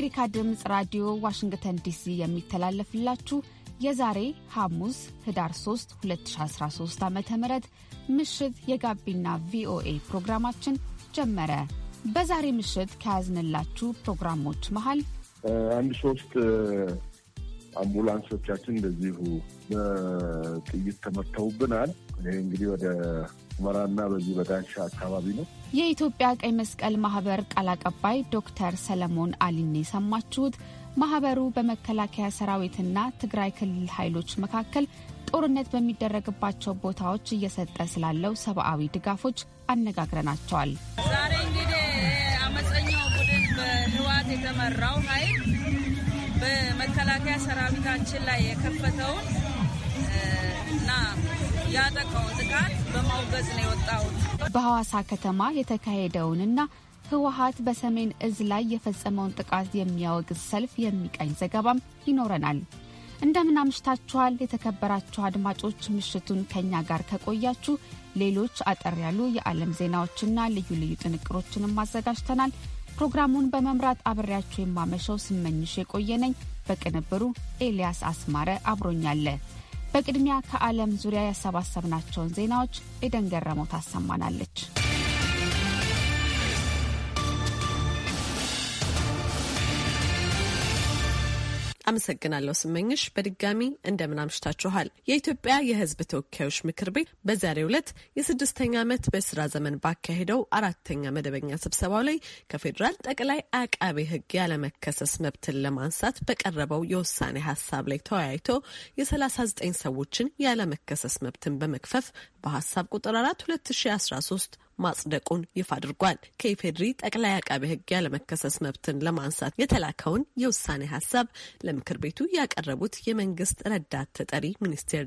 ከአሜሪካ ድምፅ ራዲዮ ዋሽንግተን ዲሲ የሚተላለፍላችሁ የዛሬ ሐሙስ ህዳር 3 2013 ዓ ም ምሽት የጋቢና ቪኦኤ ፕሮግራማችን ጀመረ። በዛሬ ምሽት ከያዝንላችሁ ፕሮግራሞች መሀል አንድ ሶስት አምቡላንሶቻችን እንደዚሁ በጥይት ተመተውብናል። ይህ እንግዲህ ወደ ሁመራና በዚህ በዳንሻ አካባቢ ነው። የኢትዮጵያ ቀይ መስቀል ማህበር ቃል አቀባይ ዶክተር ሰለሞን አሊኔ የሰማችሁት። ማህበሩ በመከላከያ ሰራዊትና ትግራይ ክልል ኃይሎች መካከል ጦርነት በሚደረግባቸው ቦታዎች እየሰጠ ስላለው ሰብአዊ ድጋፎች አነጋግረናቸዋል። ዛሬ እንግዲህ አመፀኛው ቡድን በህወሓት የተመራው ኃይል በመከላከያ ሰራዊታችን ላይ የከፈተውን እና ያጠቃውን ጥቃት በማውገዝ ነው የወጣሁት። በሐዋሳ ከተማ የተካሄደውንና ህወሀት በሰሜን እዝ ላይ የፈጸመውን ጥቃት የሚያወግዝ ሰልፍ የሚቀኝ ዘገባም ይኖረናል። እንደምን አምሽታችኋል የተከበራችሁ አድማጮች። ምሽቱን ከእኛ ጋር ከቆያችሁ ሌሎች አጠር ያሉ የዓለም ዜናዎችና ልዩ ልዩ ጥንቅሮችንም አዘጋጅተናል። ፕሮግራሙን በመምራት አብሬያችሁ የማመሸው ስመኝሽ የቆየነኝ፣ በቅንብሩ ኤልያስ አስማረ አብሮኛለ በቅድሚያ ከዓለም ዙሪያ ያሰባሰብናቸውን ዜናዎች ኤደን ገረመው ታሰማናለች። አመሰግናለሁ ስመኝሽ። በድጋሚ እንደምን አምሽታችኋል። የኢትዮጵያ የሕዝብ ተወካዮች ምክር ቤት በዛሬው ዕለት የስድስተኛ ዓመት በስራ ዘመን ባካሄደው አራተኛ መደበኛ ስብሰባው ላይ ከፌዴራል ጠቅላይ አቃቤ ሕግ ያለመከሰስ መብትን ለማንሳት በቀረበው የውሳኔ ሀሳብ ላይ ተወያይቶ የ39 ሰዎችን ያለመከሰስ መብትን በመክፈፍ በሀሳብ ቁጥር 4 2013 ማጽደቁን ይፋ አድርጓል። ከኢፌድሪ ጠቅላይ አቃቤ ሕግ ያለመከሰስ መብትን ለማንሳት የተላከውን የውሳኔ ሀሳብ ለምክር ቤቱ ያቀረቡት የመንግስት ረዳት ተጠሪ ሚኒስቴር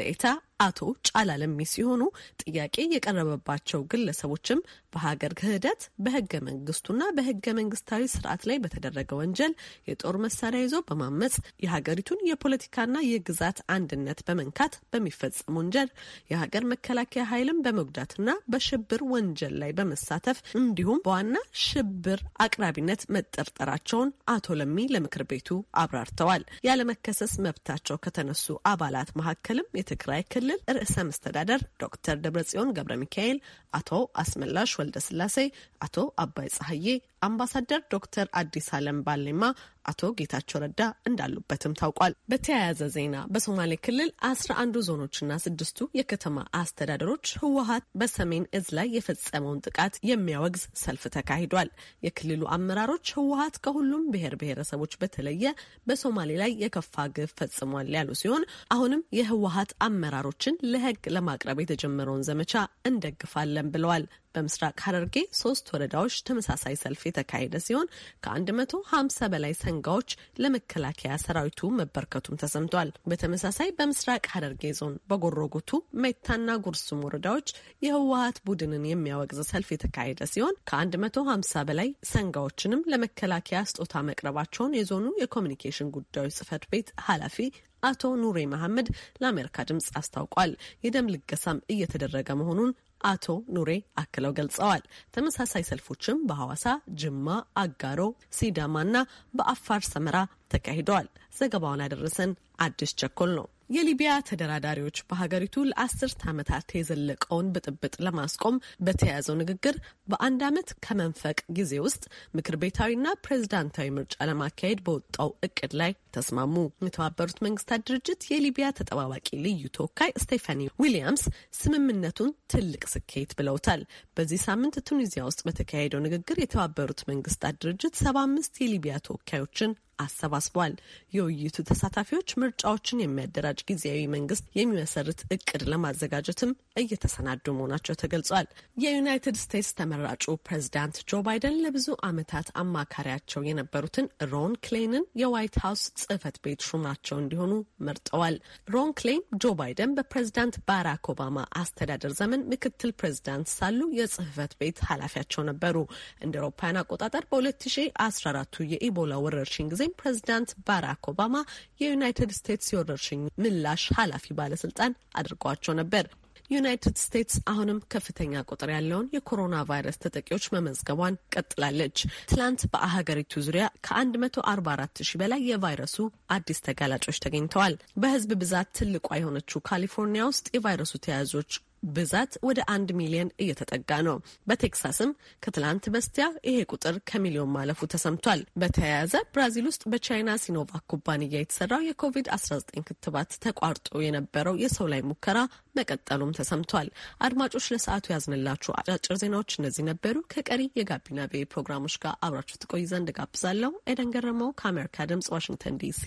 ደኤታ አቶ ጫላ ለሚ ሲሆኑ ጥያቄ የቀረበባቸው ግለሰቦችም በሀገር ክህደት በህገ መንግስቱና በህገ መንግስታዊ ስርዓት ላይ በተደረገ ወንጀል የጦር መሳሪያ ይዞ በማመፅ የሀገሪቱን የፖለቲካና የግዛት አንድነት በመንካት በሚፈጸም ወንጀል የሀገር መከላከያ ኃይልን በመጉዳትና በሽብር ወንጀል ላይ በመሳተፍ እንዲሁም በዋና ሽብር አቅራቢነት መጠርጠራቸውን አቶ ለሚ ለምክር ቤቱ አብራርተዋል። ያለመከሰስ መብታቸው ከተነሱ አባላት መካከልም የትግራይ ክልል ክልል ርዕሰ መስተዳደር ዶክተር ደብረጽዮን ገብረ ሚካኤል፣ አቶ አስመላሽ ወልደ ስላሴ፣ አቶ አባይ ጸሐዬ፣ አምባሳደር ዶክተር አዲስ አለም ባሌማ፣ አቶ ጌታቸው ረዳ እንዳሉበትም ታውቋል። በተያያዘ ዜና በሶማሌ ክልል አስራ አንዱ ዞኖችና ስድስቱ የከተማ አስተዳደሮች ህወሀት በሰሜን እዝ ላይ የፈጸመውን ጥቃት የሚያወግዝ ሰልፍ ተካሂዷል። የክልሉ አመራሮች ህወሀት ከሁሉም ብሔር ብሔረሰቦች በተለየ በሶማሌ ላይ የከፋ ግፍ ፈጽሟል ያሉ ሲሆን አሁንም የህወሀት አመራሮችን ለህግ ለማቅረብ የተጀመረውን ዘመቻ እንደግፋለን ብለዋል። በምስራቅ ሐረርጌ ሶስት ወረዳዎች ተመሳሳይ ሰልፍ የተካሄደ ሲሆን ከ150 በላይ ሰንጋዎች ለመከላከያ ሰራዊቱ መበርከቱም ተሰምቷል። በተመሳሳይ በምስራቅ ሐረርጌ ዞን በጎሮጉቱ ሜታና ጉርሱም ወረዳዎች የህወሀት ቡድንን የሚያወግዝ ሰልፍ የተካሄደ ሲሆን ከ150 በላይ ሰንጋዎችንም ለመከላከያ ስጦታ መቅረባቸውን የዞኑ የኮሚኒኬሽን ጉዳዮች ጽህፈት ቤት ኃላፊ አቶ ኑሬ መሐመድ ለአሜሪካ ድምጽ አስታውቋል። የደም ልገሳም እየተደረገ መሆኑን አቶ ኑሬ አክለው ገልጸዋል። ተመሳሳይ ሰልፎችም በሐዋሳ፣ ጅማ፣ አጋሮ፣ ሲዳማና በአፋር ሰመራ ተካሂደዋል። ዘገባውን ያደረሰን አዲስ ቸኮል ነው። የሊቢያ ተደራዳሪዎች በሀገሪቱ ለአስርት ዓመታት የዘለቀውን ብጥብጥ ለማስቆም በተያያዘው ንግግር በአንድ ዓመት ከመንፈቅ ጊዜ ውስጥ ምክር ቤታዊና ፕሬዝዳንታዊ ምርጫ ለማካሄድ በወጣው እቅድ ላይ ተስማሙ። የተባበሩት መንግስታት ድርጅት የሊቢያ ተጠባባቂ ልዩ ተወካይ ስቴፋኒ ዊሊያምስ ስምምነቱን ትልቅ ስኬት ብለውታል። በዚህ ሳምንት ቱኒዚያ ውስጥ በተካሄደው ንግግር የተባበሩት መንግስታት ድርጅት ሰባ አምስት የሊቢያ ተወካዮችን አሰባስቧል። የውይይቱ ተሳታፊዎች ምርጫዎችን የሚያደራጅ ጊዜያዊ መንግስት የሚመሰርት እቅድ ለማዘጋጀትም እየተሰናዱ መሆናቸው ተገልጿል። የዩናይትድ ስቴትስ ተመራጩ ፕሬዚዳንት ጆ ባይደን ለብዙ ዓመታት አማካሪያቸው የነበሩትን ሮን ክሌንን የዋይት ሀውስ ጽህፈት ቤት ሹማቸው እንዲሆኑ መርጠዋል። ሮን ክሌን ጆ ባይደን በፕሬዚዳንት ባራክ ኦባማ አስተዳደር ዘመን ምክትል ፕሬዚዳንት ሳሉ የጽህፈት ቤት ኃላፊያቸው ነበሩ። እንደ አውሮፓውያን አቆጣጠር በ2014 የኢቦላ ወረርሽኝ ጊዜ በተጨማሪም ፕሬዚዳንት ባራክ ኦባማ የዩናይትድ ስቴትስ የወረርሽኝ ምላሽ ኃላፊ ባለስልጣን አድርገዋቸው ነበር። ዩናይትድ ስቴትስ አሁንም ከፍተኛ ቁጥር ያለውን የኮሮና ቫይረስ ተጠቂዎች መመዝገቧን ቀጥላለች። ትላንት በሀገሪቱ ዙሪያ ከ144 ሺህ በላይ የቫይረሱ አዲስ ተጋላጮች ተገኝተዋል። በህዝብ ብዛት ትልቋ የሆነችው ካሊፎርኒያ ውስጥ የቫይረሱ ተያያዦች ብዛት ወደ አንድ ሚሊዮን እየተጠጋ ነው። በቴክሳስም ከትላንት በስቲያ ይሄ ቁጥር ከሚሊዮን ማለፉ ተሰምቷል። በተያያዘ ብራዚል ውስጥ በቻይና ሲኖቫክ ኩባንያ የተሰራው የኮቪድ-19 ክትባት ተቋርጦ የነበረው የሰው ላይ ሙከራ መቀጠሉም ተሰምቷል። አድማጮች ለሰዓቱ ያዝንላችሁ አጫጭር ዜናዎች እነዚህ ነበሩ። ከቀሪ የጋቢና ቤ ፕሮግራሞች ጋር አብራችሁ ትቆይ ዘንድ ጋብዛለሁ። ኤደን ገረመው ከአሜሪካ ድምጽ ዋሽንግተን ዲሲ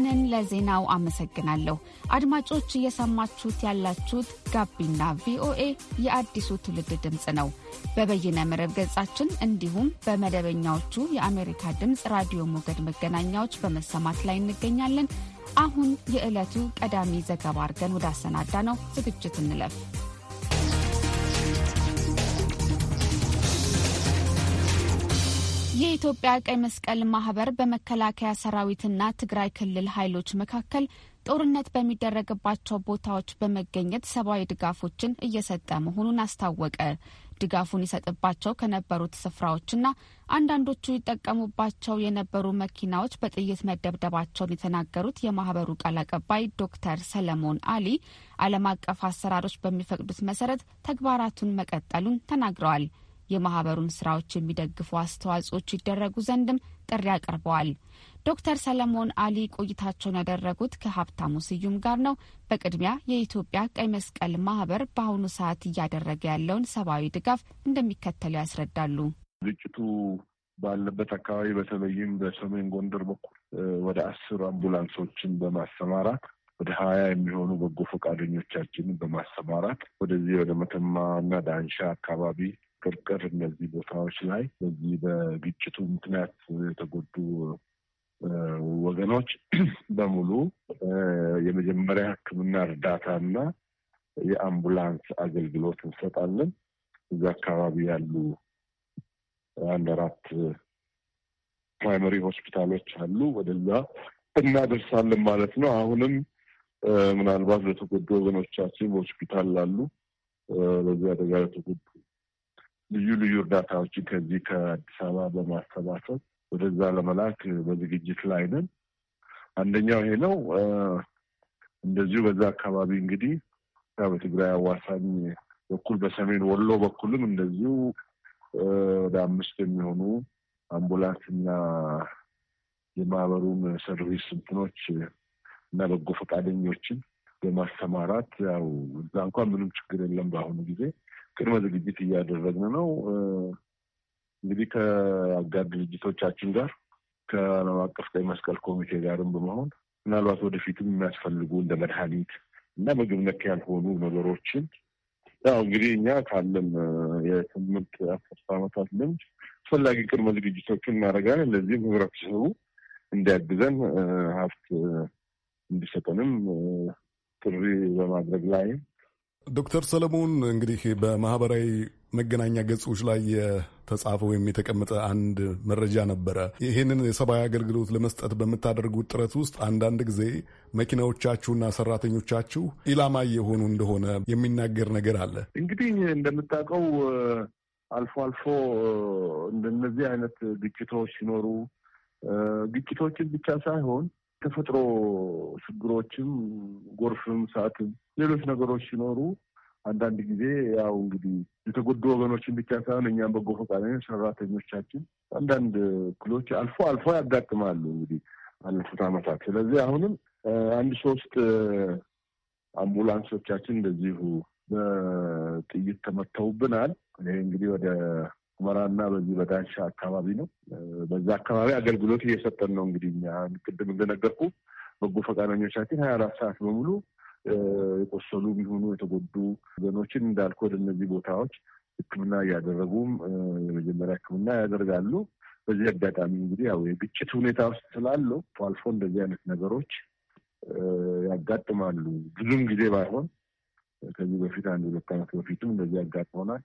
ኤደንን ለዜናው አመሰግናለሁ። አድማጮች እየሰማችሁት ያላችሁት ጋቢና ቪኦኤ የአዲሱ ትውልድ ድምፅ ነው። በበይነ መረብ ገጻችን እንዲሁም በመደበኛዎቹ የአሜሪካ ድምፅ ራዲዮ ሞገድ መገናኛዎች በመሰማት ላይ እንገኛለን። አሁን የዕለቱ ቀዳሚ ዘገባ አድርገን ወዳሰናዳ ነው ዝግጅት እንለፍ። የኢትዮጵያ ቀይ መስቀል ማህበር በመከላከያ ሰራዊትና ትግራይ ክልል ኃይሎች መካከል ጦርነት በሚደረግባቸው ቦታዎች በመገኘት ሰብአዊ ድጋፎችን እየሰጠ መሆኑን አስታወቀ። ድጋፉን ይሰጥባቸው ከነበሩት ስፍራዎችና አንዳንዶቹ ይጠቀሙባቸው የነበሩ መኪናዎች በጥይት መደብደባቸውን የተናገሩት የማህበሩ ቃል አቀባይ ዶክተር ሰለሞን አሊ ዓለም አቀፍ አሰራሮች በሚፈቅዱት መሰረት ተግባራቱን መቀጠሉን ተናግረዋል። የማህበሩን ስራዎች የሚደግፉ አስተዋጽኦች ይደረጉ ዘንድም ጥሪ አቅርበዋል። ዶክተር ሰለሞን አሊ ቆይታቸውን ያደረጉት ከሀብታሙ ስዩም ጋር ነው። በቅድሚያ የኢትዮጵያ ቀይ መስቀል ማህበር በአሁኑ ሰዓት እያደረገ ያለውን ሰብአዊ ድጋፍ እንደሚከተሉ ያስረዳሉ። ግጭቱ ባለበት አካባቢ በተለይም በሰሜን ጎንደር በኩል ወደ አስር አምቡላንሶችን በማሰማራት ወደ ሀያ የሚሆኑ በጎ ፈቃደኞቻችንን በማሰማራት ወደዚህ ወደ መተማ እና ዳንሻ አካባቢ ቅርቅር እነዚህ ቦታዎች ላይ በዚህ በግጭቱ ምክንያት የተጎዱ ወገኖች በሙሉ የመጀመሪያ ሕክምና እርዳታና የአምቡላንስ አገልግሎት እንሰጣለን። እዚ አካባቢ ያሉ አንድ አራት ፕራይመሪ ሆስፒታሎች አሉ። ወደዛ እናደርሳለን ማለት ነው። አሁንም ምናልባት ለተጎዱ ወገኖቻችን ሆስፒታል ላሉ በዚህ አደጋ ለተጎዱ ልዩ ልዩ እርዳታዎችን ከዚህ ከአዲስ አበባ በማሰባሰብ ወደዛ ለመላክ በዝግጅት ላይ ነን። አንደኛው ይሄ ነው። እንደዚሁ በዛ አካባቢ እንግዲህ በትግራይ አዋሳኝ በኩል በሰሜን ወሎ በኩልም እንደዚሁ ወደ አምስት የሚሆኑ አምቡላንስ እና የማህበሩን ሰርቪስ እንትኖች እና በጎ ፈቃደኞችን በማሰማራት ያው እዛ እንኳን ምንም ችግር የለም በአሁኑ ጊዜ ቅድመ ዝግጅት እያደረግን ነው። እንግዲህ ከአጋር ድርጅቶቻችን ጋር ከዓለም አቀፍ ቀይ መስቀል ኮሚቴ ጋርም በመሆን ምናልባት ወደፊትም የሚያስፈልጉ እንደ መድኃኒት እና ምግብ ነክ ያልሆኑ ነገሮችን ያው እንግዲህ እኛ ካለም የስምንት አስርት ዓመታት ልምድ አስፈላጊ ቅድመ ዝግጅቶችን እናደርጋለን። ለዚህም ህብረተሰቡ እንዲያግዘን ሀብት እንዲሰጠንም ጥሪ በማድረግ ላይም ዶክተር ሰለሞን እንግዲህ በማህበራዊ መገናኛ ገጾች ላይ የተጻፈ ወይም የተቀመጠ አንድ መረጃ ነበረ። ይህንን የሰብአዊ አገልግሎት ለመስጠት በምታደርጉት ጥረት ውስጥ አንዳንድ ጊዜ መኪናዎቻችሁና ሰራተኞቻችሁ ኢላማ እየሆኑ እንደሆነ የሚናገር ነገር አለ። እንግዲህ እንደምታውቀው አልፎ አልፎ እንደነዚህ አይነት ግጭቶች ሲኖሩ ግጭቶችን ብቻ ሳይሆን ተፈጥሮ ችግሮችም ጎርፍም፣ ሰዓትም ሌሎች ነገሮች ሲኖሩ አንዳንድ ጊዜ ያው እንግዲህ የተጎዱ ወገኖችን ብቻ ሳይሆን እኛም በጎ ፈቃደኛ ሰራተኞቻችን አንዳንድ ክሎች አልፎ አልፎ ያጋጥማሉ እንግዲህ አለፉት አመታት ስለዚህ አሁንም አንድ ሶስት አምቡላንሶቻችን እንደዚሁ በጥይት ተመተውብናል። ይሄ እንግዲህ ወደ ሁመራና በዚህ በዳንሻ አካባቢ ነው። በዛ አካባቢ አገልግሎት እየሰጠን ነው። እንግዲህ እኛ ቅድም እንደነገርኩ በጎ ፈቃደኞቻችን ሀያ አራት ሰዓት በሙሉ የቆሰሉ የሚሆኑ የተጎዱ ወገኖችን እንዳልኩ ወደ እነዚህ ቦታዎች ሕክምና እያደረጉም የመጀመሪያ ሕክምና ያደርጋሉ። በዚህ አጋጣሚ እንግዲህ ያው የግጭት ሁኔታ ውስጥ ስላለው አልፎ እንደዚህ አይነት ነገሮች ያጋጥማሉ። ብዙም ጊዜ ባይሆን ከዚህ በፊት አንድ ሁለት ዓመት በፊትም እንደዚህ ያጋጥመናል፣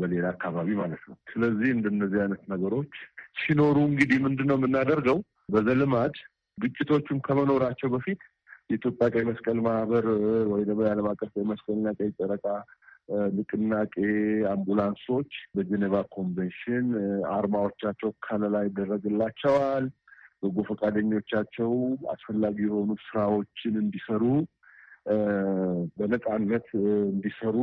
በሌላ አካባቢ ማለት ነው። ስለዚህ እንደነዚህ አይነት ነገሮች ሲኖሩ እንግዲህ ምንድን ነው የምናደርገው? በዘልማድ ግጭቶቹም ከመኖራቸው በፊት የኢትዮጵያ ቀይ መስቀል ማህበር ወይ ደግሞ የዓለም አቀፍ ቀይ መስቀልና ቀይ ጨረቃ ንቅናቄ አምቡላንሶች በጀኔቫ ኮንቬንሽን አርማዎቻቸው ከለላ ይደረግላቸዋል። በጎ ፈቃደኞቻቸው አስፈላጊ የሆኑ ስራዎችን እንዲሰሩ በነፃነት እንዲሰሩ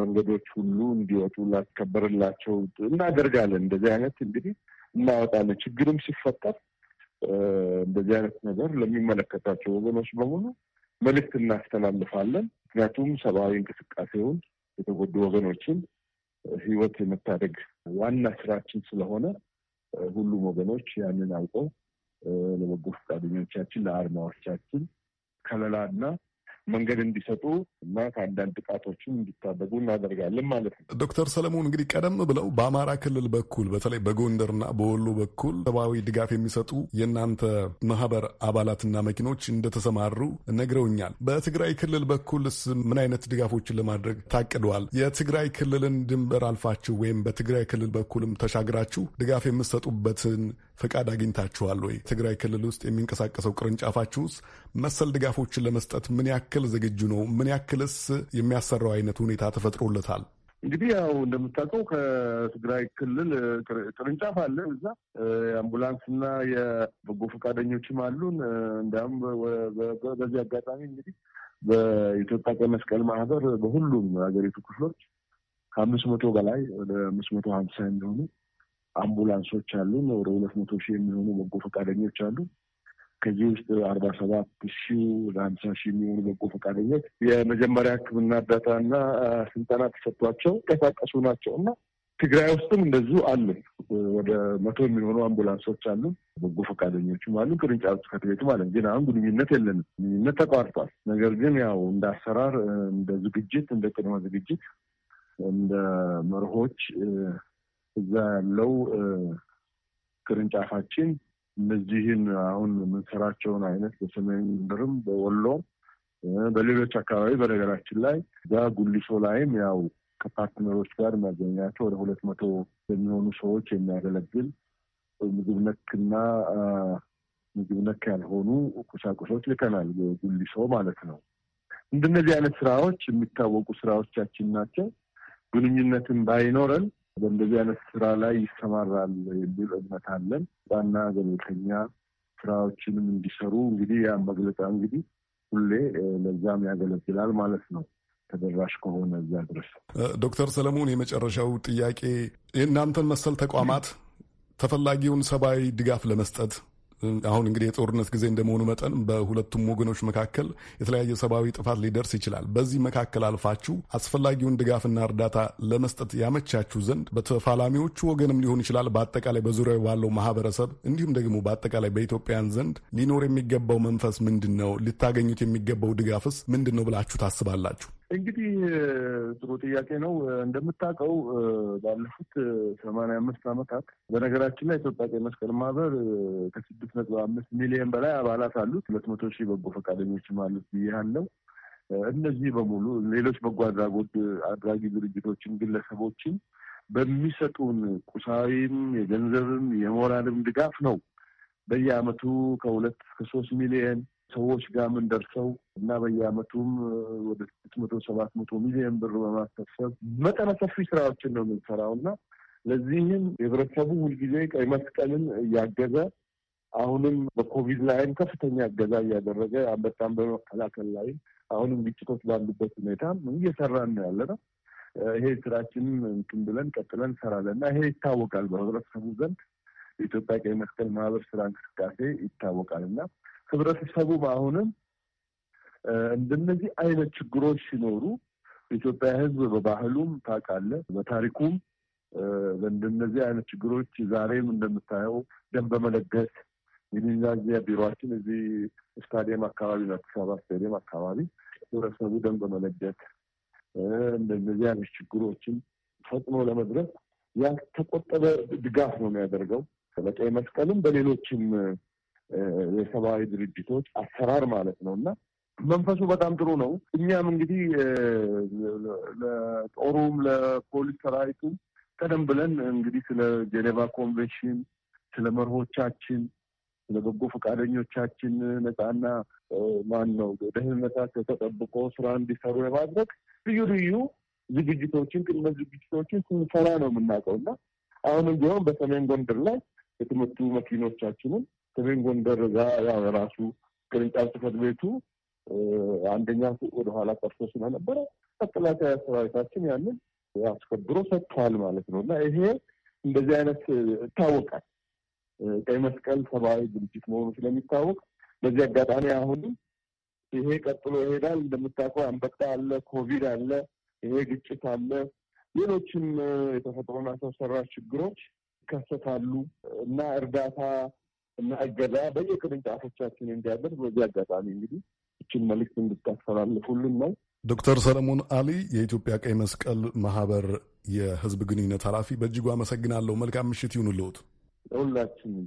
መንገዶች ሁሉ እንዲወጡ ላስከበርላቸው እናደርጋለን። እንደዚህ አይነት እንግዲህ እናወጣለን። ችግርም ሲፈጠር እንደዚህ አይነት ነገር ለሚመለከታቸው ወገኖች በሙሉ መልእክት እናስተላልፋለን። ምክንያቱም ሰብአዊ እንቅስቃሴውን የተጎዱ ወገኖችን ህይወት የመታደግ ዋና ስራችን ስለሆነ ሁሉም ወገኖች ያንን አውቀው ለበጎ ፈቃደኞቻችን፣ ለአርማዎቻችን ከለላና መንገድ እንዲሰጡ እና ከአንዳንድ ጥቃቶችም እንዲታደጉ እናደርጋለን ማለት ነው። ዶክተር ሰለሞን እንግዲህ ቀደም ብለው በአማራ ክልል በኩል በተለይ በጎንደርና በወሎ በኩል ሰብአዊ ድጋፍ የሚሰጡ የእናንተ ማህበር አባላትና መኪኖች እንደተሰማሩ ነግረውኛል። በትግራይ ክልል በኩልስ ምን አይነት ድጋፎችን ለማድረግ ታቅደዋል? የትግራይ ክልልን ድንበር አልፋችሁ ወይም በትግራይ ክልል በኩልም ተሻግራችሁ ድጋፍ የምትሰጡበትን ፈቃድ አግኝታችኋል ወይ? ትግራይ ክልል ውስጥ የሚንቀሳቀሰው ቅርንጫፋችሁስ መሰል ድጋፎችን ለመስጠት ምን ያክል ዝግጁ ነው? ምን ያክልስ የሚያሰራው አይነት ሁኔታ ተፈጥሮለታል? እንግዲህ ያው እንደምታውቀው ከትግራይ ክልል ቅርንጫፍ አለ። እዛ የአምቡላንስና የበጎ ፈቃደኞችም አሉን። እንዲያውም በዚህ አጋጣሚ እንግዲህ በኢትዮጵያ ቀይ መስቀል ማህበር በሁሉም ሀገሪቱ ክፍሎች ከአምስት መቶ በላይ ወደ አምስት መቶ ሀምሳ የሚሆኑ አምቡላንሶች አሉ። ወደ ሁለት መቶ ሺህ የሚሆኑ በጎ ፈቃደኞች አሉ። ከዚህ ውስጥ አርባ ሰባት ሺህ ወደ ሀምሳ ሺህ የሚሆኑ በጎ ፈቃደኞች የመጀመሪያ ሕክምና እርዳታና ስልጠና ተሰጥቷቸው ተንቀሳቀሱ ናቸው እና ትግራይ ውስጥም እንደዚሁ አሉ። ወደ መቶ የሚሆኑ አምቡላንሶች አሉ። በጎ ፈቃደኞችም አሉ። ቅርንጫፍ ጽሕፈት ቤትም አለ። ግን አሁን ግንኙነት የለንም። ግንኙነት ተቋርጧል። ነገር ግን ያው እንደ አሰራር፣ እንደ ዝግጅት፣ እንደ ቅድመ ዝግጅት፣ እንደ መርሆች እዛ ያለው ቅርንጫፋችን እነዚህን አሁን የምንሰራቸውን አይነት በሰሜን ምድርም በወሎም በሌሎች አካባቢ በነገራችን ላይ እዛ ጉሊሶ ላይም ያው ከፓርትነሮች ጋር የሚያገኛቸው ወደ ሁለት መቶ የሚሆኑ ሰዎች የሚያገለግል ምግብ ነክና ምግብ ነክ ያልሆኑ ቁሳቁሶች ልከናል። ጉሊሶ ማለት ነው። እንደነዚህ አይነት ስራዎች የሚታወቁ ስራዎቻችን ናቸው። ግንኙነትን ባይኖረን በእንደዚህ አይነት ስራ ላይ ይሰማራል የሚል እምነት አለን። ዋና ገለልተኛ ስራዎችንም እንዲሰሩ እንግዲህ ያ መግለጫ እንግዲህ ሁሌ ለዛም ያገለግላል ማለት ነው። ተደራሽ ከሆነ እዛ ድረስ። ዶክተር ሰለሞን የመጨረሻው ጥያቄ የእናንተን መሰል ተቋማት ተፈላጊውን ሰብአዊ ድጋፍ ለመስጠት አሁን እንግዲህ የጦርነት ጊዜ እንደመሆኑ መጠን በሁለቱም ወገኖች መካከል የተለያየ ሰብአዊ ጥፋት ሊደርስ ይችላል። በዚህ መካከል አልፋችሁ አስፈላጊውን ድጋፍና እርዳታ ለመስጠት ያመቻችሁ ዘንድ በተፋላሚዎቹ ወገንም ሊሆን ይችላል፣ በአጠቃላይ በዙሪያው ባለው ማህበረሰብ እንዲሁም ደግሞ በአጠቃላይ በኢትዮጵያን ዘንድ ሊኖር የሚገባው መንፈስ ምንድን ነው? ልታገኙት የሚገባው ድጋፍስ ምንድን ነው ብላችሁ ታስባላችሁ? እንግዲህ ጥሩ ጥያቄ ነው። እንደምታውቀው ባለፉት ሰማንያ አምስት ዓመታት በነገራችን ላይ ኢትዮጵያ ቀይ መስቀል ማህበር ከስድስት ነጥብ አምስት ሚሊዮን በላይ አባላት አሉት። ሁለት መቶ ሺህ በጎ ፈቃደኞችም አሉት ብያለው። እነዚህ በሙሉ ሌሎች በጎ አድራጎት አድራጊ ድርጅቶችን፣ ግለሰቦችን በሚሰጡን ቁሳዊም የገንዘብም የሞራልም ድጋፍ ነው በየአመቱ ከሁለት ሶስት ሚሊዮን ሰዎች ጋር ምን ደርሰው እና በየአመቱም ወደ ስድስት መቶ ሰባት መቶ ሚሊዮን ብር በማሰብሰብ መጠነ ሰፊ ስራዎችን ነው የምንሰራው እና ለዚህም የህብረተሰቡ ሁልጊዜ ቀይ መስቀልን እያገዘ አሁንም በኮቪድ ላይም ከፍተኛ እገዛ እያደረገ አንበጣም በመከላከል ላይ አሁንም ግጭቶች ባሉበት ሁኔታ እየሰራን ነው ያለ ነው። ይሄ ስራችን እንትን ብለን ቀጥለን እንሰራለን እና ይሄ ይታወቃል በህብረተሰቡ ዘንድ የኢትዮጵያ ቀይ መስቀል ማህበር ስራ እንቅስቃሴ ይታወቃል እና ህብረተሰቡም አሁንም እንደነዚህ አይነት ችግሮች ሲኖሩ የኢትዮጵያ ህዝብ በባህሉም ታውቃለህ፣ በታሪኩም በእንደነዚህ አይነት ችግሮች ዛሬም እንደምታየው ደም በመለገስ የሚዛዚያ ቢሮችን እዚህ ስታዲየም አካባቢ አዲስ አበባ ስታዲየም አካባቢ ህብረተሰቡ ደም በመለገስ እንደነዚህ አይነት ችግሮችን ፈጥኖ ለመድረስ ያልተቆጠበ ድጋፍ ነው የሚያደርገው በቀይ መስቀልም በሌሎችም የሰብአዊ ድርጅቶች አሰራር ማለት ነው እና መንፈሱ በጣም ጥሩ ነው። እኛም እንግዲህ ለጦሩም ለፖሊስ ሰራዊቱም ቀደም ብለን እንግዲህ ስለ ጄኔቫ ኮንቬንሽን፣ ስለ መርሆቻችን፣ ስለ በጎ ፈቃደኞቻችን ነፃና ማን ነው ደህንነታቸው ተጠብቆ ስራ እንዲሰሩ የማድረግ ልዩ ልዩ ዝግጅቶችን ቅድመ ዝግጅቶችን ስንሰራ ነው የምናውቀው እና አሁንም ቢሆን በሰሜን ጎንደር ላይ የትምህርቱ መኪኖቻችንን ሰሜን ጎንደር ዛ ያው ራሱ ቅርንጫፍ ጽሕፈት ቤቱ አንደኛ ወደኋላ ወደ ኋላ ቀርቶ ስለነበረ መከላከያ ሰራዊታችን ያንን አስከብሮ ሰጥቷል ማለት ነው እና ይሄ እንደዚህ አይነት ይታወቃል። ቀይ መስቀል ሰብአዊ ድርጅት መሆኑ ስለሚታወቅ በዚህ አጋጣሚ አሁንም ይሄ ቀጥሎ ይሄዳል። እንደምታውቀው አንበጣ አለ፣ ኮቪድ አለ፣ ይሄ ግጭት አለ፣ ሌሎችም የተፈጥሮና ሰው ሰራሽ ችግሮች ይከሰታሉ እና እርዳታ እና እገዛ በየቅርንጫፎቻችን እንዲያደርግ በዚህ አጋጣሚ እንግዲህ እችን መልዕክት እንድታስተላልፉልን ነው። ዶክተር ሰለሞን አሊ የኢትዮጵያ ቀይ መስቀል ማህበር የህዝብ ግንኙነት ኃላፊ፣ በእጅጉ አመሰግናለሁ። መልካም ምሽት ይሁንልዎት። ለሁላችንም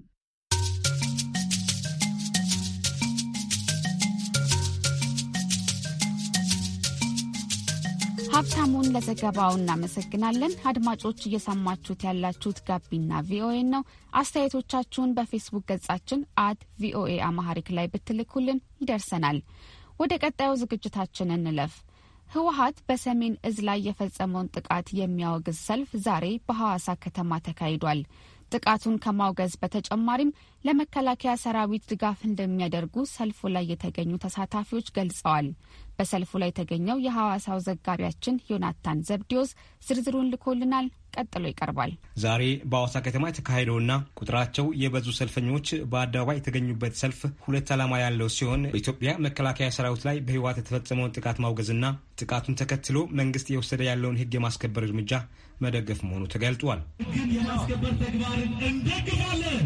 ሀብታሙን ለዘገባው እናመሰግናለን። አድማጮች እየሰማችሁት ያላችሁት ጋቢና ቪኦኤ ነው። አስተያየቶቻችሁን በፌስቡክ ገጻችን አት ቪኦኤ አማሐሪክ ላይ ብትልኩልን ይደርሰናል። ወደ ቀጣዩ ዝግጅታችን እንለፍ። ህወሀት በሰሜን እዝ ላይ የፈጸመውን ጥቃት የሚያወግዝ ሰልፍ ዛሬ በሐዋሳ ከተማ ተካሂዷል። ጥቃቱን ከማውገዝ በተጨማሪም ለመከላከያ ሰራዊት ድጋፍ እንደሚያደርጉ ሰልፉ ላይ የተገኙ ተሳታፊዎች ገልጸዋል። በሰልፉ ላይ የተገኘው የሐዋሳው ዘጋቢያችን ዮናታን ዘብዲዮስ ዝርዝሩን ልኮልናል። ቀጥሎ ይቀርባል። ዛሬ በአዋሳ ከተማ የተካሄደውና ቁጥራቸው የበዙ ሰልፈኞች በአደባባይ የተገኙበት ሰልፍ ሁለት ዓላማ ያለው ሲሆን በኢትዮጵያ መከላከያ ሰራዊት ላይ በህወሓት የተፈጸመውን ጥቃት ማውገዝና ጥቃቱን ተከትሎ መንግስት የወሰደ ያለውን ህግ የማስከበር እርምጃ መደገፍ መሆኑ ተገልጧል። የማስከበር ተግባርን እንደግፋለን፣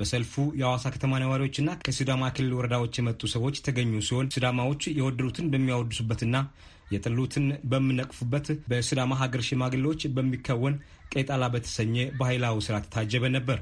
በሰልፉ የአዋሳ ከተማ ነዋሪዎችና ከሲዳማ ክልል ወረዳዎች የመጡ ሰዎች የተገኙ ሲሆን ሲዳማዎች የወደዱትን በሚያወድሱበትና የጥሉትን በምነቅፉበት በሲዳማ ሀገር ሽማግሌዎች በሚከወን ቄጣላ በተሰኘ ባህላዊ ስርዓት ታጀበ ነበር።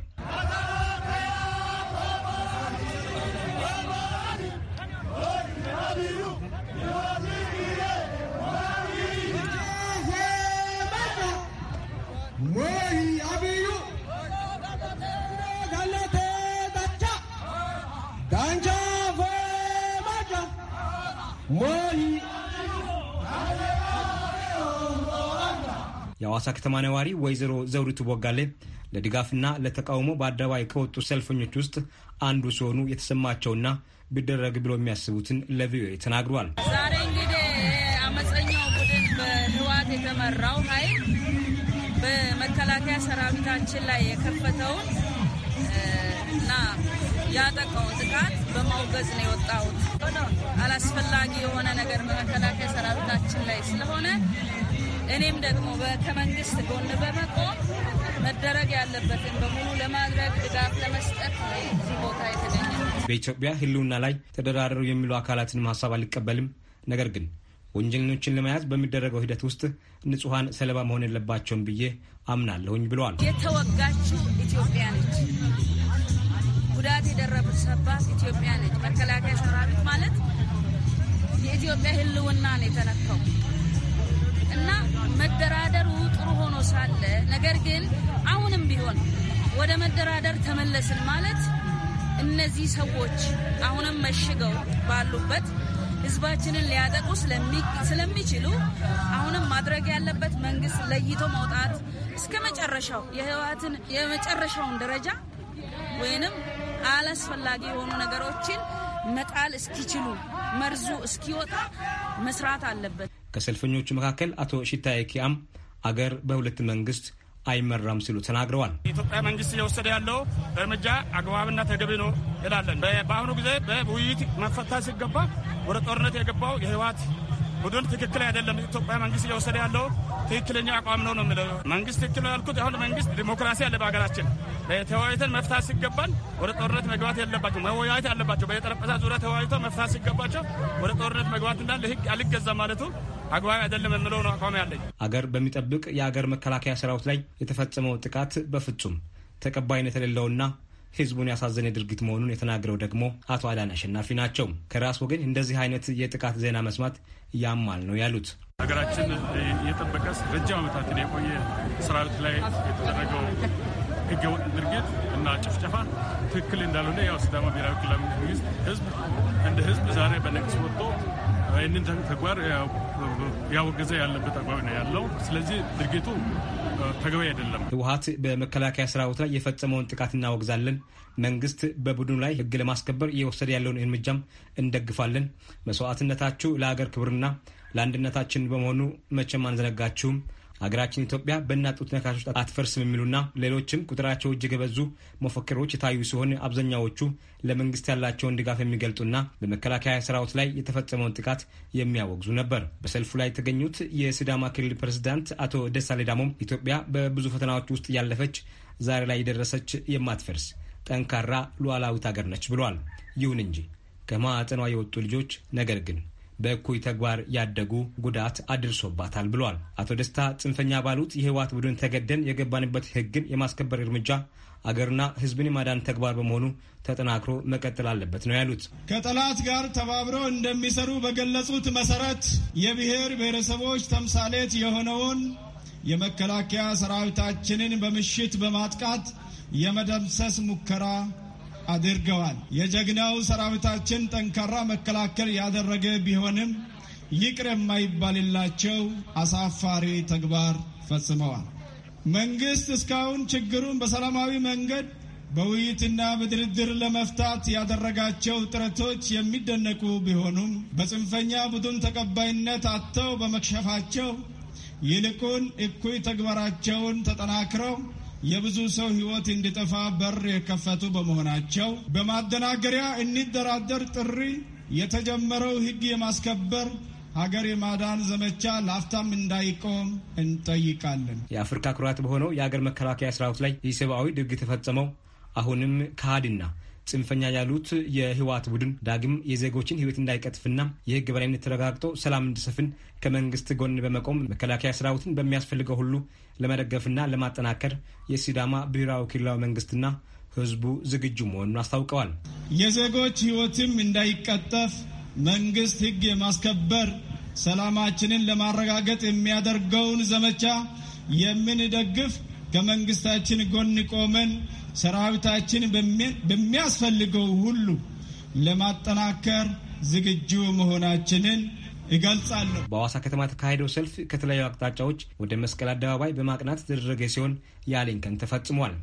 የሐዋሳ ከተማ ነዋሪ ወይዘሮ ዘውዲቱ ቦጋሌ ለድጋፍና ለተቃውሞ በአደባባይ ከወጡ ሰልፈኞች ውስጥ አንዱ ሲሆኑ የተሰማቸውና ቢደረግ ብሎ የሚያስቡትን ለቪኦኤ ተናግሯል። ዛሬ እንግዲህ አመፀኛው ቡድን በህወሓት የተመራው ኃይል በመከላከያ ሰራዊታችን ላይ የከፈተውን እና ያጠቃውን ጥቃት በማውገዝ ነው የወጣሁት። አላስፈላጊ የሆነ ነገር በመከላከያ ሰራዊታችን ላይ ስለሆነ እኔም ደግሞ ከመንግስት ጎን በመቆም መደረግ ያለበትን በሙሉ ለማድረግ ድጋፍ ለመስጠት እዚህ ቦታ የተገኘ በኢትዮጵያ ህልውና ላይ ተደራደሩ የሚሉ አካላትንም ሀሳብ አልቀበልም። ነገር ግን ወንጀለኞችን ለመያዝ በሚደረገው ሂደት ውስጥ ንጹሐን ሰለባ መሆን የለባቸውም ብዬ አምናለሁኝ ብለዋል። የተወጋችው ኢትዮጵያ ነች። ጉዳት የደረሰባት ኢትዮጵያ ነች። መከላከያ ሰራዊት ማለት የኢትዮጵያ ህልውና ነው የተነካው። እና መደራደሩ ጥሩ ሆኖ ሳለ ነገር ግን አሁንም ቢሆን ወደ መደራደር ተመለስን ማለት እነዚህ ሰዎች አሁንም መሽገው ባሉበት ህዝባችንን ሊያጠቁ ስለሚችሉ አሁንም ማድረግ ያለበት መንግስት ለይቶ መውጣት እስከ መጨረሻው የህወሓትን የመጨረሻውን ደረጃ ወይንም አላስፈላጊ የሆኑ ነገሮችን መጣል እስኪችሉ መርዙ እስኪወጣ መስራት አለበት። ከሰልፈኞቹ መካከል አቶ ሽታዬ ኪያም አገር በሁለት መንግስት አይመራም ሲሉ ተናግረዋል። የኢትዮጵያ መንግስት እየወሰደ ያለው እርምጃ አግባብና ተገቢ ነው ይላለን። በአሁኑ ጊዜ በውይይት መፈታ ሲገባ ወደ ጦርነት የገባው የህወሓት ቡድን ትክክል አይደለም። ኢትዮጵያ መንግስት እየወሰደ ያለው ትክክለኛ አቋም ነው ነው የሚለው መንግስት ትክክል ያልኩት አሁን መንግስት ዲሞክራሲ አለ በሀገራችን። ተወያይተን መፍታት ሲገባን ወደ ጦርነት መግባት የለባቸው መወያየት አለባቸው። በየጠረጴዛ ዙሪያ ተወያይቶ መፍታት ሲገባቸው ወደ ጦርነት መግባትና ለህግ አልገዛ ማለቱ አግባብ አይደለም የምለው ነው አቋም ያለኝ። አገር በሚጠብቅ የአገር መከላከያ ሰራዊት ላይ የተፈጸመው ጥቃት በፍጹም ተቀባይነት የሌለውና ህዝቡን ያሳዘነ ድርጊት መሆኑን የተናገረው ደግሞ አቶ አዳን አሸናፊ ናቸው። ከራስ ወገን እንደዚህ አይነት የጥቃት ዜና መስማት ያማል ነው ያሉት። ሀገራችን እየጠበቀ ረጅም ዓመታትን የቆየ ሰራዊት ላይ የተደረገው ህገወጥ ድርጊት እና ጭፍጨፋ ትክክል እንዳልሆነ ያው ሲዳማ ብሔራዊ ክልላዊ መንግስት ህዝብ እንደ ህዝብ ዛሬ በነቅስ ወጥቶ ይህንን ተግባር ያወገዘ ያለበት አቋም ነው ያለው። ስለዚህ ድርጊቱ ተገቢ አይደለም። ህወሀት በመከላከያ ሰራዊት ላይ የፈጸመውን ጥቃት እናወግዛለን። መንግስት በቡድኑ ላይ ህግ ለማስከበር እየወሰደ ያለውን እርምጃም እንደግፋለን። መስዋዕትነታችሁ ለሀገር ክብርና ለአንድነታችን በመሆኑ መቼም አንዘነጋችሁም። ሀገራችን ኢትዮጵያ በእናጡት ነካሾች አትፈርስም የሚሉና ሌሎችም ቁጥራቸው እጅግ የበዙ መፈክሮች የታዩ ሲሆን አብዛኛዎቹ ለመንግስት ያላቸውን ድጋፍ የሚገልጡና በመከላከያ ሰራዊት ላይ የተፈጸመውን ጥቃት የሚያወግዙ ነበር። በሰልፉ ላይ የተገኙት የሲዳማ ክልል ፕሬዝዳንት አቶ ደሳሌ ዳሞም ኢትዮጵያ በብዙ ፈተናዎች ውስጥ ያለፈች፣ ዛሬ ላይ የደረሰች የማትፈርስ ጠንካራ ሉዓላዊት ሀገር ነች ብሏል። ይሁን እንጂ ከማዕጠኗ የወጡ ልጆች ነገር ግን በእኩይ ተግባር ያደጉ ጉዳት አድርሶባታል ብሏል። አቶ ደስታ ጽንፈኛ ባሉት የህወሓት ቡድን ተገደን የገባንበት ህግን የማስከበር እርምጃ አገርና ህዝብን የማዳን ተግባር በመሆኑ ተጠናክሮ መቀጠል አለበት ነው ያሉት። ከጠላት ጋር ተባብረው እንደሚሰሩ በገለጹት መሰረት የብሔር ብሔረሰቦች ተምሳሌት የሆነውን የመከላከያ ሰራዊታችንን በምሽት በማጥቃት የመደምሰስ ሙከራ አድርገዋል። የጀግናው ሰራዊታችን ጠንካራ መከላከል ያደረገ ቢሆንም ይቅር የማይባልላቸው አሳፋሪ ተግባር ፈጽመዋል። መንግስት እስካሁን ችግሩን በሰላማዊ መንገድ በውይይትና በድርድር ለመፍታት ያደረጋቸው ጥረቶች የሚደነቁ ቢሆኑም በጽንፈኛ ቡድን ተቀባይነት አጥተው በመክሸፋቸው ይልቁን እኩይ ተግባራቸውን ተጠናክረው የብዙ ሰው ሕይወት እንዲጠፋ በር የከፈቱ በመሆናቸው በማደናገሪያ እንደራደር ጥሪ የተጀመረው ሕግ የማስከበር ሀገር የማዳን ዘመቻ ላፍታም እንዳይቆም እንጠይቃለን። የአፍሪካ ኩራት በሆነው የሀገር መከላከያ ሰራዊት ላይ የሰብአዊ ድርጊት የተፈጸመው አሁንም ከሃዲና ጽንፈኛ ያሉት የህወሓት ቡድን ዳግም የዜጎችን ህይወት እንዳይቀጥፍና የህግ በላይነት ተረጋግጦ ሰላም እንዲሰፍን ከመንግስት ጎን በመቆም መከላከያ ሰራዊትን በሚያስፈልገው ሁሉ ለመደገፍና ለማጠናከር የሲዳማ ብሔራዊ ክልላዊ መንግስትና ህዝቡ ዝግጁ መሆኑን አስታውቀዋል። የዜጎች ህይወትም እንዳይቀጠፍ መንግስት ህግ የማስከበር ሰላማችንን ለማረጋገጥ የሚያደርገውን ዘመቻ የምንደግፍ ከመንግስታችን ጎን ቆመን ሰራዊታችን በሚያስፈልገው ሁሉ ለማጠናከር ዝግጁ መሆናችንን ይገልጻለሁ። በሐዋሳ ከተማ የተካሄደው ሰልፍ ከተለያዩ አቅጣጫዎች ወደ መስቀል አደባባይ በማቅናት የተደረገ ሲሆን ያሊንከን ተፈጽሟል።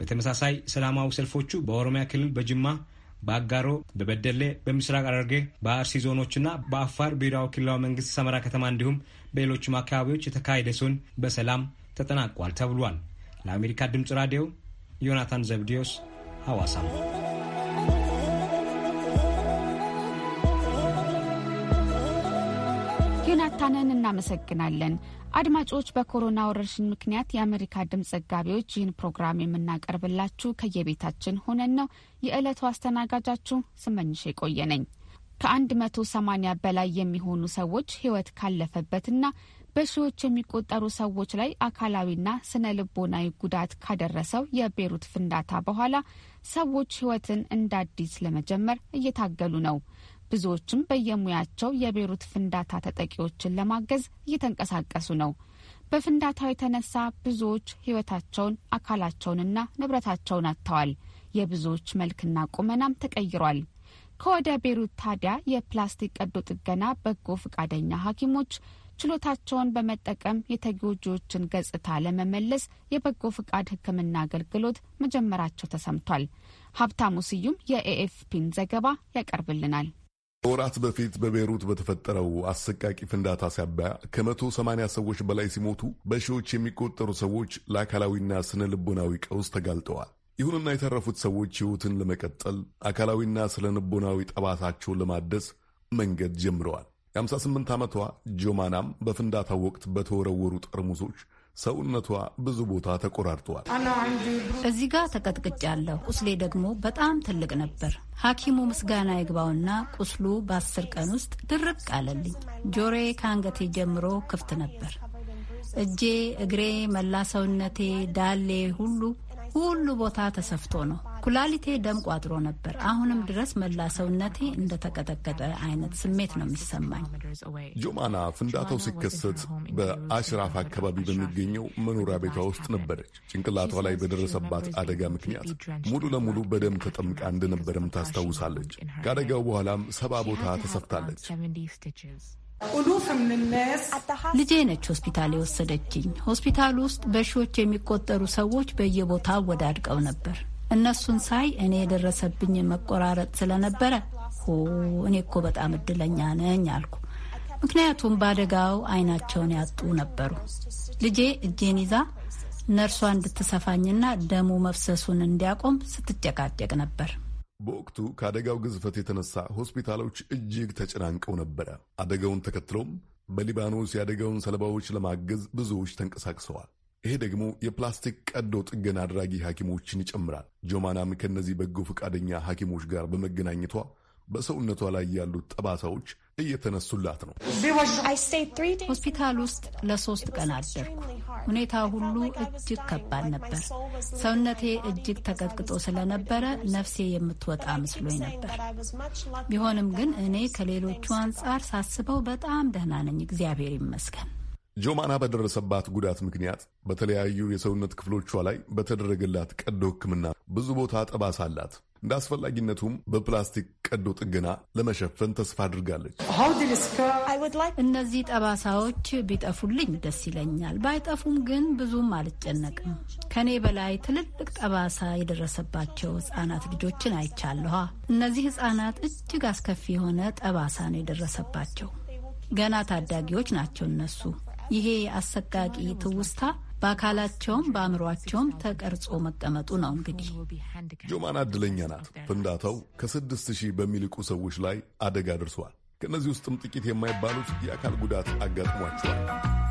በተመሳሳይ ሰላማዊ ሰልፎቹ በኦሮሚያ ክልል በጅማ በአጋሮ፣ በበደሌ፣ በምስራቅ ሐረርጌ፣ በአርሲ ዞኖችና በአፋር ብሔራዊ ክልላዊ መንግስት ሰመራ ከተማ እንዲሁም በሌሎችም አካባቢዎች የተካሄደ ሲሆን በሰላም ተጠናቋል ተብሏል። ለአሜሪካ ድምፅ ራዲዮ ዮናታን ዘብዲዮስ ሐዋሳ ዮናታንን እናመሰግናለን። አድማጮች፣ በኮሮና ወረርሽኝ ምክንያት የአሜሪካ ድምፅ ዘጋቢዎች ይህን ፕሮግራም የምናቀርብላችሁ ከየቤታችን ሆነን ነው። የዕለቱ አስተናጋጃችሁ ስመኝሽ የቆየ ነኝ። ከአንድ መቶ በላይ የሚሆኑ ሰዎች ህይወት ካለፈበትና በሺዎች የሚቆጠሩ ሰዎች ላይ አካላዊና ስነ ልቦናዊ ጉዳት ካደረሰው የቤሩት ፍንዳታ በኋላ ሰዎች ሕይወትን እንደ አዲስ ለመጀመር እየታገሉ ነው። ብዙዎችም በየሙያቸው የቤሩት ፍንዳታ ተጠቂዎችን ለማገዝ እየተንቀሳቀሱ ነው። በፍንዳታው የተነሳ ብዙዎች ሕይወታቸውን አካላቸውንና ንብረታቸውን አጥተዋል። የብዙዎች መልክና ቁመናም ተቀይሯል። ከወደ ቤሩት ታዲያ የፕላስቲክ ቀዶ ጥገና በጎ ፈቃደኛ ሐኪሞች ችሎታቸውን በመጠቀም የተጎጂዎችን ገጽታ ለመመለስ የበጎ ፍቃድ ሕክምና አገልግሎት መጀመራቸው ተሰምቷል። ሀብታሙ ስዩም የኤኤፍፒን ዘገባ ያቀርብልናል። ከወራት በፊት በቤይሩት በተፈጠረው አሰቃቂ ፍንዳታ ሳቢያ ከመቶ ሰማንያ ሰዎች በላይ ሲሞቱ በሺዎች የሚቆጠሩ ሰዎች ለአካላዊና ስነ ልቦናዊ ቀውስ ተጋልጠዋል። ይሁንና የተረፉት ሰዎች ሕይወትን ለመቀጠል አካላዊና ስነ ልቦናዊ ጠባሳቸውን ለማደስ መንገድ ጀምረዋል። የ58 ዓመቷ ጆማናም በፍንዳታው ወቅት በተወረወሩ ጠርሙሶች ሰውነቷ ብዙ ቦታ ተቆራርጧል። እዚህ ጋር ተቀጥቅጫለሁ። ቁስሌ ደግሞ በጣም ትልቅ ነበር። ሐኪሙ ምስጋና ይግባውና ቁስሉ በአስር ቀን ውስጥ ድርቅ አለልኝ። ጆሮዬ ከአንገቴ ጀምሮ ክፍት ነበር። እጄ፣ እግሬ፣ መላ ሰውነቴ፣ ዳሌ ሁሉ ሁሉ ቦታ ተሰፍቶ ነው። ኩላሊቴ ደም ቋጥሮ ነበር። አሁንም ድረስ መላ ሰውነቴ እንደተቀጠቀጠ አይነት ስሜት ነው የሚሰማኝ። ጆማና ፍንዳታው ሲከሰት በአሽራፍ አካባቢ በሚገኘው መኖሪያ ቤቷ ውስጥ ነበረች። ጭንቅላቷ ላይ በደረሰባት አደጋ ምክንያት ሙሉ ለሙሉ በደም ተጠምቃ እንደነበረም ታስታውሳለች። ከአደጋው በኋላም ሰባ ቦታ ተሰፍታለች። ልጄ ነች ሆስፒታል የወሰደችኝ። ሆስፒታል ውስጥ በሺዎች የሚቆጠሩ ሰዎች በየቦታው ወዳድቀው ነበር። እነሱን ሳይ እኔ የደረሰብኝ መቆራረጥ ስለነበረ ሆ እኔ እኮ በጣም እድለኛ ነኝ አልኩ። ምክንያቱም በአደጋው አይናቸውን ያጡ ነበሩ። ልጄ እጄን ይዛ ነርሷ እንድትሰፋኝና ደሙ መፍሰሱን እንዲያቆም ስትጨቃጨቅ ነበር። በወቅቱ ከአደጋው ግዝፈት የተነሳ ሆስፒታሎች እጅግ ተጨናንቀው ነበረ። አደጋውን ተከትሎም በሊባኖስ የአደጋውን ሰለባዎች ለማገዝ ብዙዎች ተንቀሳቅሰዋል። ይሄ ደግሞ የፕላስቲክ ቀዶ ጥገና አድራጊ ሐኪሞችን ይጨምራል። ጆማናም ከእነዚህ በጎ ፈቃደኛ ሐኪሞች ጋር በመገናኘቷ በሰውነቷ ላይ ያሉት ጠባሳዎች እየተነሱላት ነው። ሆስፒታል ውስጥ ለሶስት ቀን አደርኩ። ሁኔታ ሁሉ እጅግ ከባድ ነበር። ሰውነቴ እጅግ ተቀጥቅጦ ስለነበረ ነፍሴ የምትወጣ መስሎኝ ነበር። ቢሆንም ግን እኔ ከሌሎቹ አንጻር ሳስበው በጣም ደህና ነኝ፣ እግዚአብሔር ይመስገን። ጆማና በደረሰባት ጉዳት ምክንያት በተለያዩ የሰውነት ክፍሎቿ ላይ በተደረገላት ቀዶ ሕክምና ብዙ ቦታ ጠባሳ አላት። እንደ አስፈላጊነቱም በፕላስቲክ ቀዶ ጥገና ለመሸፈን ተስፋ አድርጋለች። እነዚህ ጠባሳዎች ቢጠፉልኝ ደስ ይለኛል። ባይጠፉም ግን ብዙም አልጨነቅም። ከኔ በላይ ትልልቅ ጠባሳ የደረሰባቸው ህጻናት ልጆችን አይቻለኋ። እነዚህ ህጻናት እጅግ አስከፊ የሆነ ጠባሳ ነው የደረሰባቸው። ገና ታዳጊዎች ናቸው እነሱ ይሄ አሰቃቂ ትውስታ በአካላቸውም በአእምሯቸውም ተቀርጾ መቀመጡ ነው። እንግዲህ ጆማን አድለኛ ናት። ፍንዳታው ከስድስት ሺህ በሚልቁ ሰዎች ላይ አደጋ ደርሷል። ከእነዚህ ውስጥም ጥቂት የማይባሉት የአካል ጉዳት አጋጥሟቸዋል።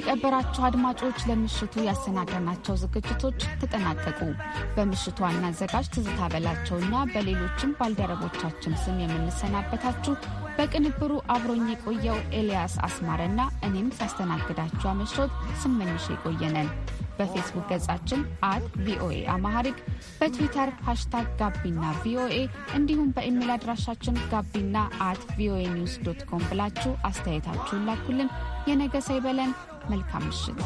የተከበራችሁ አድማጮች ለምሽቱ ያሰናዳናቸው ዝግጅቶች ተጠናቀቁ። በምሽቱ ዋና አዘጋጅ ትዝታ በላቸውና በሌሎችም ባልደረቦቻችን ስም የምንሰናበታችሁ በቅንብሩ አብሮኝ የቆየው ኤልያስ አስማረና እኔም ሳስተናግዳችሁ አመሾት ስመኝሽ የቆየነን በፌስቡክ ገጻችን አት ቪኦኤ አማሐሪክ በትዊተር ሃሽታግ ጋቢና ቪኦኤ እንዲሁም በኢሜል አድራሻችን ጋቢና አት ቪኦኤ ኒውስ ዶት ኮም ብላችሁ አስተያየታችሁን ላኩልን። የነገ ሳይበለን። መልካም ምሽት።